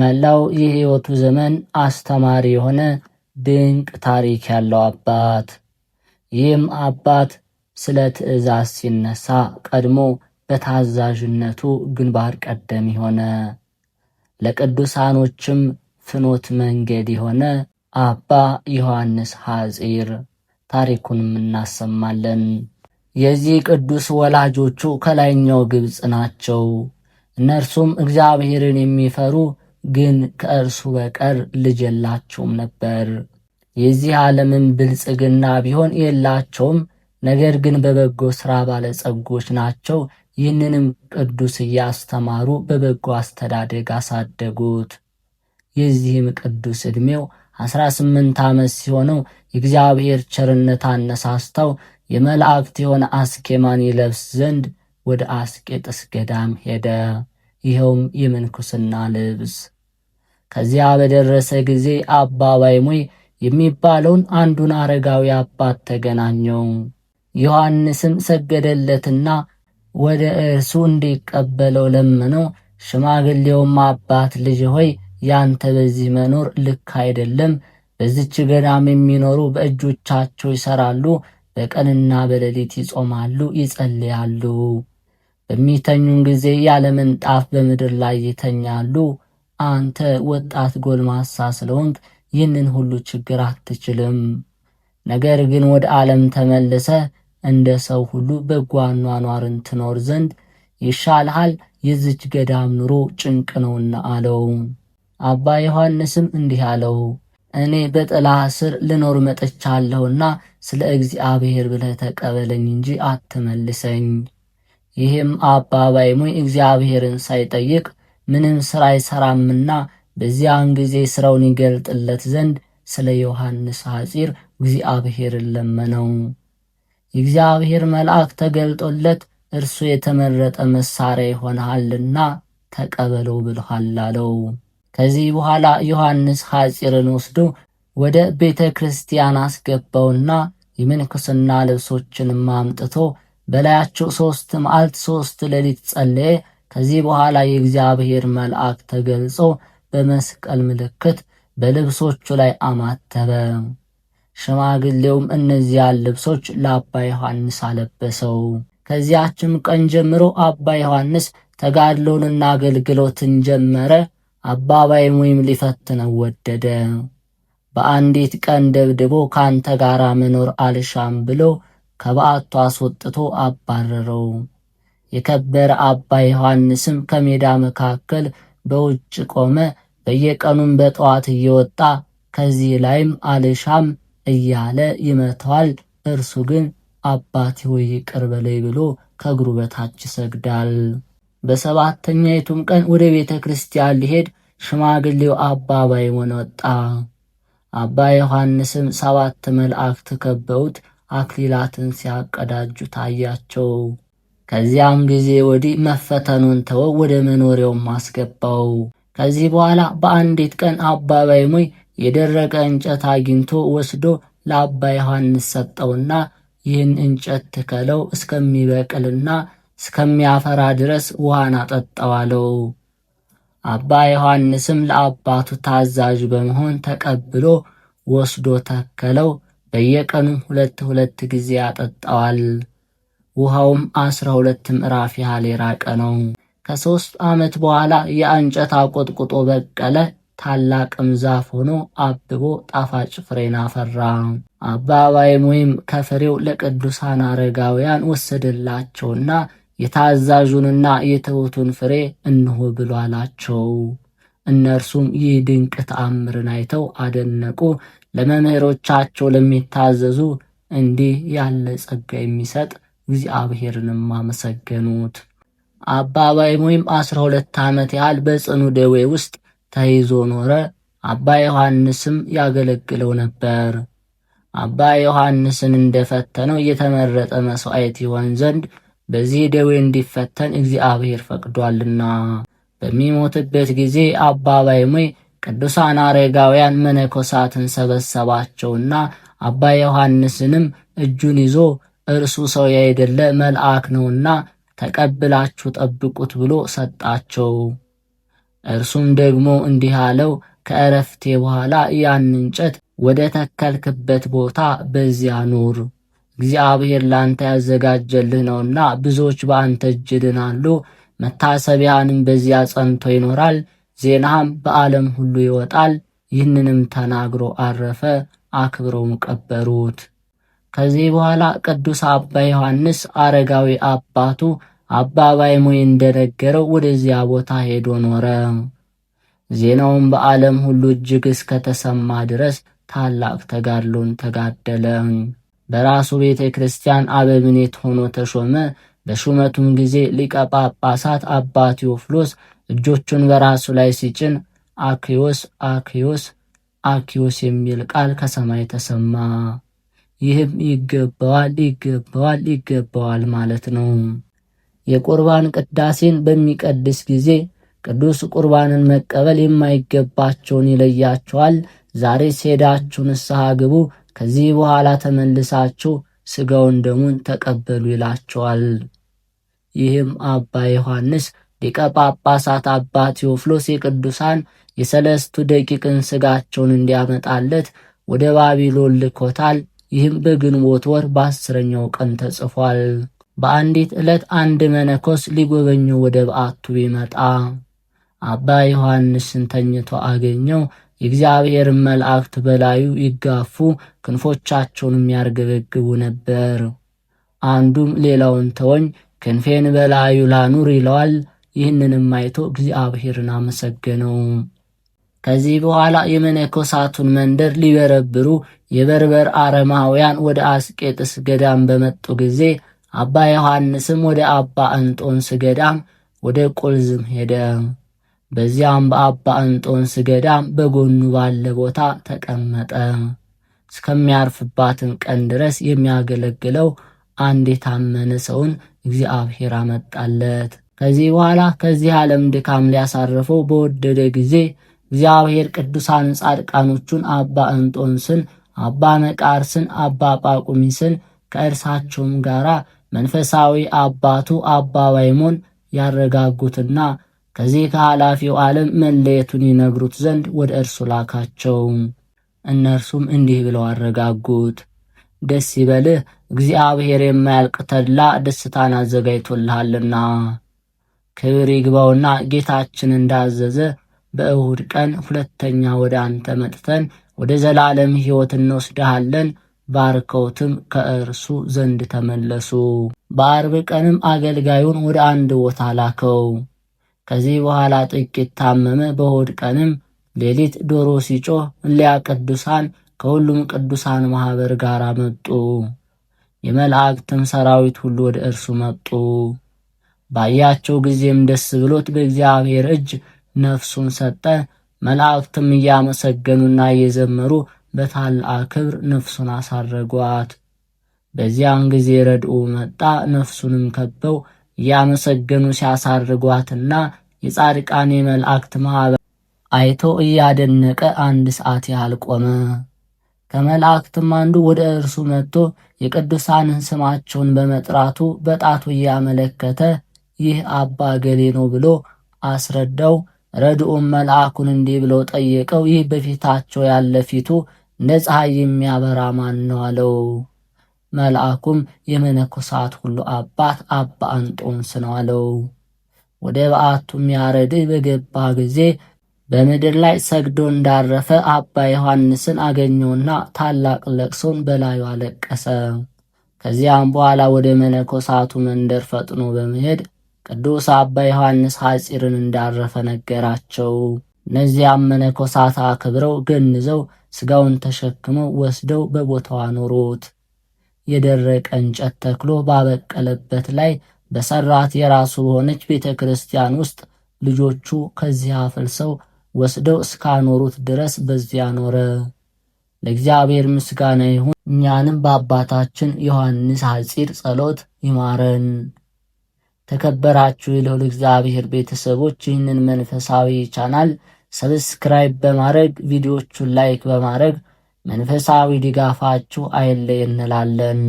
መላው የሕይወቱ ዘመን አስተማሪ የሆነ ድንቅ ታሪክ ያለው አባት። ይህም አባት ስለ ትእዛዝ ሲነሳ ቀድሞ በታዛዥነቱ ግንባር ቀደም የሆነ ለቅዱሳኖችም ፍኖት መንገድ የሆነ አባ ዮሐንስ ሐጺር ታሪኩንም እናሰማለን። የዚህ ቅዱስ ወላጆቹ ከላይኛው ግብፅ ናቸው። እነርሱም እግዚአብሔርን የሚፈሩ ግን ከእርሱ በቀር ልጅ የላቸውም ነበር። የዚህ ዓለምን ብልጽግና ቢሆን የላቸውም፣ ነገር ግን በበጎ ሥራ ባለጸጎች ናቸው። ይህንንም ቅዱስ እያስተማሩ በበጎ አስተዳደግ አሳደጉት። የዚህም ቅዱስ ዕድሜው 18 ስምንት ዓመት ሲሆነው የእግዚአብሔር ቸርነት አነሳስተው የመላእክት የሆነ አስኬማን ይለብስ ዘንድ ወደ አስቄጥስ ገዳም ሄደ። ይኸውም የምንኩስና ልብስ ከዚያ በደረሰ ጊዜ አባ ባይሞይ የሚባለውን አንዱን አረጋዊ አባት ተገናኘው። ዮሐንስም ሰገደለትና ወደ እርሱ እንዲቀበለው ለምነው፣ ሽማግሌውም አባት ልጅ ሆይ ያንተ በዚህ መኖር ልክ አይደለም። በዚች ገዳም የሚኖሩ በእጆቻቸው ይሰራሉ፣ በቀንና በሌሊት ይጾማሉ፣ ይጸልያሉ። በሚተኙም ጊዜ ያለ ምንጣፍ በምድር ላይ ይተኛሉ። አንተ ወጣት ጎልማሳ ስለሆንክ ይህንን ሁሉ ችግር አትችልም። ነገር ግን ወደ ዓለም ተመልሰ እንደ ሰው ሁሉ በጎ አኗኗርን ትኖር ዘንድ ይሻልሃል። የዚች ገዳም ኑሮ ጭንቅ ነውና አለው። አባ ዮሐንስም እንዲህ አለው፣ እኔ በጥላ ስር ልኖር መጥቻለሁና ስለ እግዚአብሔር ብለህ ተቀበለኝ እንጂ አትመልሰኝ። ይህም አባ ባይሞይ እግዚአብሔርን ሳይጠይቅ ምንም ሥራ አይሠራምና በዚያን ጊዜ ሥራውን ይገልጥለት ዘንድ ስለ ዮሐንስ ሐጺር እግዚአብሔርን ለመነው። የእግዚአብሔር መልአክ ተገልጦለት እርሱ የተመረጠ መሣሪያ ይሆንሃልና ተቀበለው ብልሃል አለው። ከዚህ በኋላ ዮሐንስ ሐጺርን ወስዶ ወደ ቤተ ክርስቲያን አስገባውና የምንኩስና ልብሶችንም አምጥቶ በላያቸው ሦስት መዓልት ሦስት ሌሊት ጸለየ። ከዚህ በኋላ የእግዚአብሔር መልአክ ተገልጾ በመስቀል ምልክት በልብሶቹ ላይ አማተበ። ሽማግሌውም እነዚያን ልብሶች ለአባ ዮሐንስ አለበሰው። ከዚያችም ቀን ጀምሮ አባ ዮሐንስ ተጋድሎንና አገልግሎትን ጀመረ። አባባይም ወይም ሊፈትነው ወደደ። በአንዲት ቀን ደብድቦ ካንተ ጋር መኖር አልሻም ብሎ ከበዓቱ አስወጥቶ አባረረው። የከበረ አባ ዮሐንስም ከሜዳ መካከል በውጭ ቆመ። በየቀኑም በጠዋት እየወጣ ከዚህ ላይም አልሻም እያለ ይመታዋል እርሱ ግን አባቴ ሆይ ይቅር ብሎ ከእግሩ በታች ይሰግዳል። በሰባተኛይቱም ቀን ወደ ቤተ ክርስቲያን ሊሄድ ሽማግሌው አባ ባይሞን ወጣ። አባ ዮሐንስም ሰባት መላእክት ከበውት አክሊላትን ሲያቀዳጁ ታያቸው። ከዚያም ጊዜ ወዲህ መፈተኑን ተወው፣ ወደ መኖሪያውም አስገባው። ከዚህ በኋላ በአንዲት ቀን አባ ባይሞይ የደረቀ እንጨት አግኝቶ ወስዶ ለአባ ዮሐንስ ሰጠውና ይህን እንጨት ትከለው እስከሚበቅልና እስከሚያፈራ ድረስ ውሃን አለው። አባ ዮሐንስም ለአባቱ ታዛዥ በመሆን ተቀብሎ ወስዶ ተከለው። በየቀኑ ሁለት ሁለት ጊዜ አጠጣዋል። ውሃውም አስራ ሁለት ምዕራፍ ያህል የራቀ ነው። ከሦስት ዓመት በኋላ የእንጨት አቆጥቁጦ በቀለ። ታላቅም ዛፍ ሆኖ አብቦ ጣፋጭ ፍሬን አፈራ። አባባይም ወይም ከፍሬው ለቅዱሳን አረጋውያን ወሰደላቸውና የታዛዡንና የትሑቱን ፍሬ እንሆ ብሎ አላቸው። እነርሱም ይህ ድንቅ ተአምርን አይተው አደነቁ። ለመምህሮቻቸው ለሚታዘዙ እንዲህ ያለ ጸጋ የሚሰጥ እግዚአብሔርንም አመሰገኑት። አባ ባይሞይም አስራ ሁለት ዓመት ያህል በጽኑ ደዌ ውስጥ ተይዞ ኖረ። አባ ዮሐንስም ያገለግለው ነበር። አባ ዮሐንስን እንደፈተነው የተመረጠ መሥዋዕት ይሆን ዘንድ በዚህ ደዌ እንዲፈተን እግዚአብሔር ፈቅዷልና። በሚሞትበት ጊዜ አባ ባይሞይ ቅዱሳን አረጋውያን መነኮሳትን ሰበሰባቸውና አባ ዮሐንስንም እጁን ይዞ እርሱ ሰው ያይደለ መልአክ ነውና ተቀብላችሁ ጠብቁት ብሎ ሰጣቸው። እርሱም ደግሞ እንዲህ አለው፣ ከእረፍቴ በኋላ ያን እንጨት ወደ ተከልክበት ቦታ በዚያ ኑር። እግዚአብሔር ላንተ ያዘጋጀልህ ነውና ብዙዎች በአንተ እጅ ይድናሉ። መታሰቢያንም በዚያ ጸንቶ ይኖራል። ዜናህም በዓለም ሁሉ ይወጣል። ይህንንም ተናግሮ አረፈ። አክብረውም ቀበሩት። ከዚህ በኋላ ቅዱስ አባ ዮሐንስ አረጋዊ አባቱ አባ ባይሞይ እንደነገረው ወደዚያ ቦታ ሄዶ ኖረ። ዜናውም በዓለም ሁሉ እጅግ እስከተሰማ ድረስ ታላቅ ተጋድሎን ተጋደለ። በራሱ ቤተ ክርስቲያን አበምኔት ሆኖ ተሾመ። በሹመቱም ጊዜ ሊቀ ጳጳሳት አባ ቴዎፍሎስ እጆቹን በራሱ ላይ ሲጭን አክዮስ አክዮስ አክዮስ የሚል ቃል ከሰማይ ተሰማ። ይህም ይገባዋል ይገባዋል ይገባዋል ማለት ነው። የቁርባን ቅዳሴን በሚቀድስ ጊዜ ቅዱስ ቁርባንን መቀበል የማይገባቸውን ይለያቸዋል። ዛሬ ሲሄዳችሁ ንስሐ ግቡ፣ ከዚህ በኋላ ተመልሳችሁ ስጋውን ደሙን ተቀበሉ ይላቸዋል። ይህም አባ ዮሐንስ ሊቀ ጳጳሳት አባ ቴዎፍሎስ የቅዱሳን የሰለስቱ ደቂቅን ስጋቸውን እንዲያመጣለት ወደ ባቢሎን ልኮታል። ይህም በግንቦት ወር በአስረኛው ቀን ተጽፏል። በአንዲት ዕለት አንድ መነኮስ ሊጎበኙ ወደ በዓቱ ቢመጣ አባ ዮሐንስን ተኝቶ አገኘው። የእግዚአብሔርን መላእክት በላዩ ይጋፉ፣ ክንፎቻቸውንም ያርገበግቡ ነበር። አንዱም ሌላውን ተወኝ፣ ክንፌን በላዩ ላኑር ይለዋል። ይህንንም አይቶ እግዚአብሔርን አመሰገነው። ከዚህ በኋላ የመነኮሳቱን መንደር ሊበረብሩ የበርበር አረማውያን ወደ አስቄጥስ ገዳም በመጡ ጊዜ አባ ዮሐንስም ወደ አባ እንጦንስ ገዳም ወደ ቁልዝም ሄደ። በዚያም በአባ እንጦንስ ገዳም በጎኑ ባለ ቦታ ተቀመጠ። እስከሚያርፍባትም ቀን ድረስ የሚያገለግለው አንድ የታመነ ሰውን እግዚአብሔር አመጣለት። ከዚህ በኋላ ከዚህ ዓለም ድካም ሊያሳርፈው በወደደ ጊዜ እግዚአብሔር ቅዱሳን ጻድቃኖቹን አባ እንጦንስን፣ አባ መቃርስን፣ አባ ጳቁሚስን ከእርሳቸውም ጋር መንፈሳዊ አባቱ አባ ዋይሞን ያረጋጉትና ከዚህ ከኃላፊው ዓለም መለየቱን ይነግሩት ዘንድ ወደ እርሱ ላካቸው። እነርሱም እንዲህ ብለው አረጋጉት። ደስ ይበልህ እግዚአብሔር የማያልቅ ተድላ ደስታን አዘጋጅቶልሃልና ክብር ይግባውና ጌታችን እንዳዘዘ በእሁድ ቀን ሁለተኛ ወደ አንተ መጥተን ወደ ዘላለም ሕይወት እንወስድሃለን። ባርከውትም ከእርሱ ዘንድ ተመለሱ። በአርብ ቀንም አገልጋዩን ወደ አንድ ቦታ ላከው። ከዚህ በኋላ ጥቂት ታመመ። በእሁድ ቀንም ሌሊት ዶሮ ሲጮህ እሊያ ቅዱሳን ከሁሉም ቅዱሳን ማኅበር ጋር መጡ። የመላእክትም ሰራዊት ሁሉ ወደ እርሱ መጡ። ባያቸው ጊዜም ደስ ብሎት በእግዚአብሔር እጅ ነፍሱን ሰጠ። መላእክትም እያመሰገኑና እየዘመሩ በታላቅ ክብር ነፍሱን አሳረጓት። በዚያን ጊዜ ረድኡ መጣ። ነፍሱንም ከበው እያመሰገኑ ሲያሳርጓትና የጻድቃን የመላእክት ማኅበር አይቶ እያደነቀ አንድ ሰዓት ያህል ቆመ። ከመላእክትም አንዱ ወደ እርሱ መጥቶ የቅዱሳንን ስማቸውን በመጥራቱ በጣቱ እያመለከተ ይህ አባ ገሌ ነው ብሎ አስረዳው። ረድኡም መልአኩን እንዲህ ብለው ጠየቀው፣ ይህ በፊታቸው ያለ ፊቱ እንደ ፀሐይ የሚያበራ ማን ነው አለው። መልአኩም የመነኮሳት ሁሉ አባት አባ አንጦን ነው አለው። ወደ በዓቱም ያረድህ በገባ ጊዜ በምድር ላይ ሰግዶ እንዳረፈ አባ ዮሐንስን አገኘውና ታላቅ ለቅሶን በላዩ አለቀሰ። ከዚያም በኋላ ወደ መነኮሳቱ መንደር ፈጥኖ በመሄድ ቅዱስ አባ ዮሐንስ ሐጺርን እንዳረፈ ነገራቸው። እነዚያም መነኮሳት አክብረው ገንዘው ሥጋውን ተሸክመው ወስደው በቦታው አኖሩት። የደረቀ እንጨት ተክሎ ባበቀለበት ላይ በሰራት የራሱ በሆነች ቤተ ክርስቲያን ውስጥ ልጆቹ ከዚህ አፍልሰው ወስደው እስካኖሩት ድረስ በዚያ ኖረ። ለእግዚአብሔር ምስጋና ይሁን። እኛንም በአባታችን ዮሐንስ ሐጺር ጸሎት ይማረን። ተከበራችሁ የልዑል እግዚአብሔር ቤተሰቦች ይህንን መንፈሳዊ ቻናል ሰብስክራይብ በማድረግ ቪዲዮቹን ላይክ በማድረግ መንፈሳዊ ድጋፋችሁ አይለየን እንላለን።